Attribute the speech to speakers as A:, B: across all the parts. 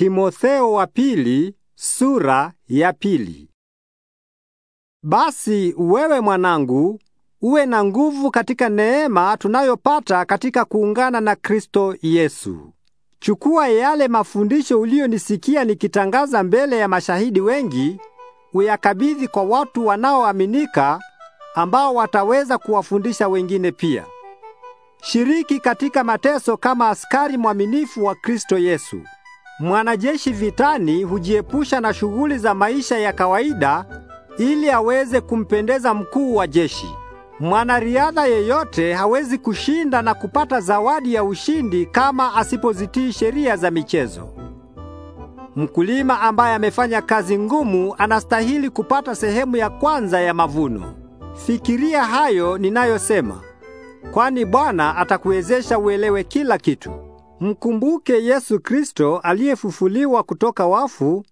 A: Timotheo wa pili sura ya pili. Basi wewe mwanangu, uwe na nguvu katika neema tunayopata katika kuungana na Kristo Yesu. Chukua yale mafundisho uliyonisikia nikitangaza mbele ya mashahidi wengi, uyakabidhi kwa watu wanaoaminika ambao wataweza kuwafundisha wengine pia. Shiriki katika mateso kama askari mwaminifu wa Kristo Yesu. Mwanajeshi vitani hujiepusha na shughuli za maisha ya kawaida ili aweze kumpendeza mkuu wa jeshi. Mwanariadha yeyote hawezi kushinda na kupata zawadi ya ushindi kama asipozitii sheria za michezo. Mkulima ambaye amefanya kazi ngumu anastahili kupata sehemu ya kwanza ya mavuno. Fikiria hayo ninayosema, kwani Bwana atakuwezesha uelewe kila kitu. Mkumbuke Yesu Kristo aliyefufuliwa kutoka wafu,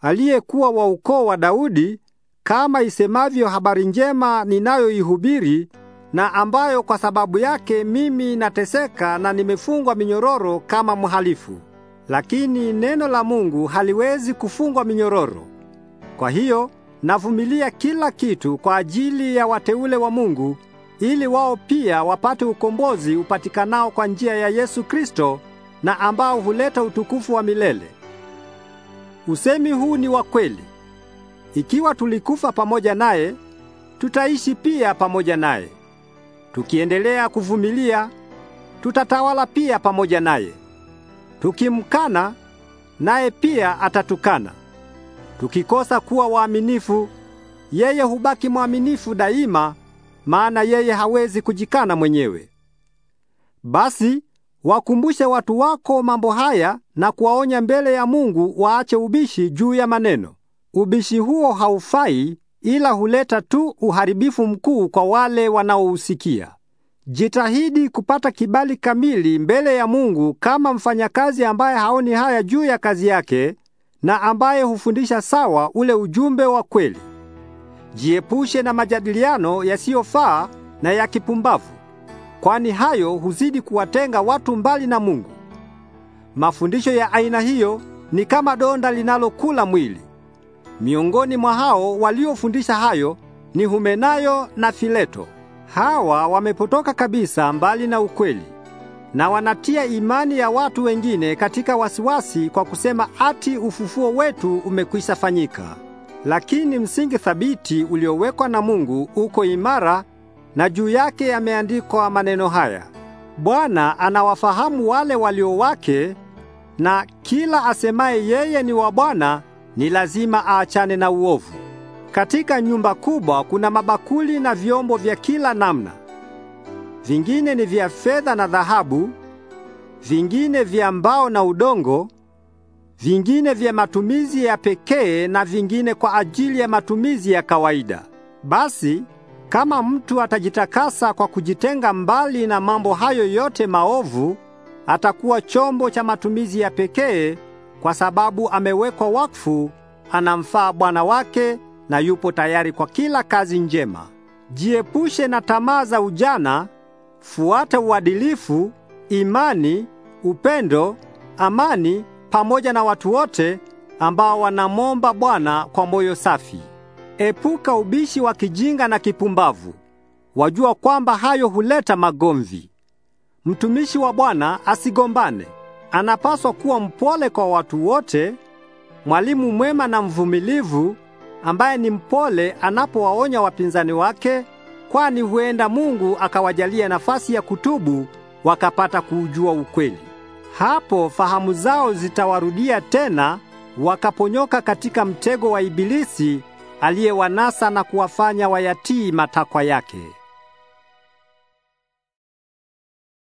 A: aliyekuwa wa ukoo wa Daudi kama isemavyo habari njema ninayoihubiri na ambayo kwa sababu yake mimi nateseka na nimefungwa minyororo kama mhalifu. Lakini neno la Mungu haliwezi kufungwa minyororo. Kwa hiyo navumilia kila kitu kwa ajili ya wateule wa Mungu ili wao pia wapate ukombozi upatikanao kwa njia ya Yesu Kristo na ambao huleta utukufu wa milele. Usemi huu ni wa kweli. Ikiwa tulikufa pamoja naye, tutaishi pia pamoja naye. Tukiendelea kuvumilia, tutatawala pia pamoja naye. Tukimkana, naye pia atatukana. Tukikosa kuwa waaminifu, yeye hubaki mwaminifu daima maana yeye hawezi kujikana mwenyewe. Basi wakumbushe watu wako mambo haya na kuwaonya mbele ya Mungu waache ubishi juu ya maneno. Ubishi huo haufai ila huleta tu uharibifu mkuu kwa wale wanaousikia. Jitahidi kupata kibali kamili mbele ya Mungu kama mfanyakazi ambaye haoni haya juu ya kazi yake na ambaye hufundisha sawa ule ujumbe wa kweli. Jiepushe na majadiliano yasiyofaa na ya kipumbavu, kwani hayo huzidi kuwatenga watu mbali na Mungu. Mafundisho ya aina hiyo ni kama donda linalokula mwili. Miongoni mwa hao waliofundisha hayo ni Humenayo na Fileto. Hawa wamepotoka kabisa mbali na ukweli na wanatia imani ya watu wengine katika wasiwasi kwa kusema ati ufufuo wetu umekwisha fanyika lakini msingi thabiti uliowekwa na Mungu uko imara na juu yake yameandikwa maneno haya: Bwana anawafahamu wale walio wake, na kila asemaye yeye ni wa Bwana ni lazima aachane na uovu. Katika nyumba kubwa kuna mabakuli na vyombo vya kila namna. Vingine ni vya fedha na dhahabu, vingine vya mbao na udongo, vingine vya matumizi ya pekee na vingine kwa ajili ya matumizi ya kawaida. Basi kama mtu atajitakasa kwa kujitenga mbali na mambo hayo yote maovu, atakuwa chombo cha matumizi ya pekee kwa sababu amewekwa wakfu, anamfaa Bwana wake na yupo tayari kwa kila kazi njema. Jiepushe na tamaa za ujana, fuata uadilifu, imani, upendo, amani pamoja na watu wote ambao wanamwomba Bwana kwa moyo safi. Epuka ubishi wa kijinga na kipumbavu. Wajua kwamba hayo huleta magomvi. Mtumishi wa Bwana asigombane. Anapaswa kuwa mpole kwa watu wote, mwalimu mwema na mvumilivu, ambaye ni mpole anapowaonya wapinzani wake, kwani huenda Mungu akawajalia nafasi ya kutubu wakapata kuujua ukweli. Hapo fahamu zao zitawarudia tena, wakaponyoka katika mtego wa Ibilisi aliyewanasa na kuwafanya wayatii matakwa yake.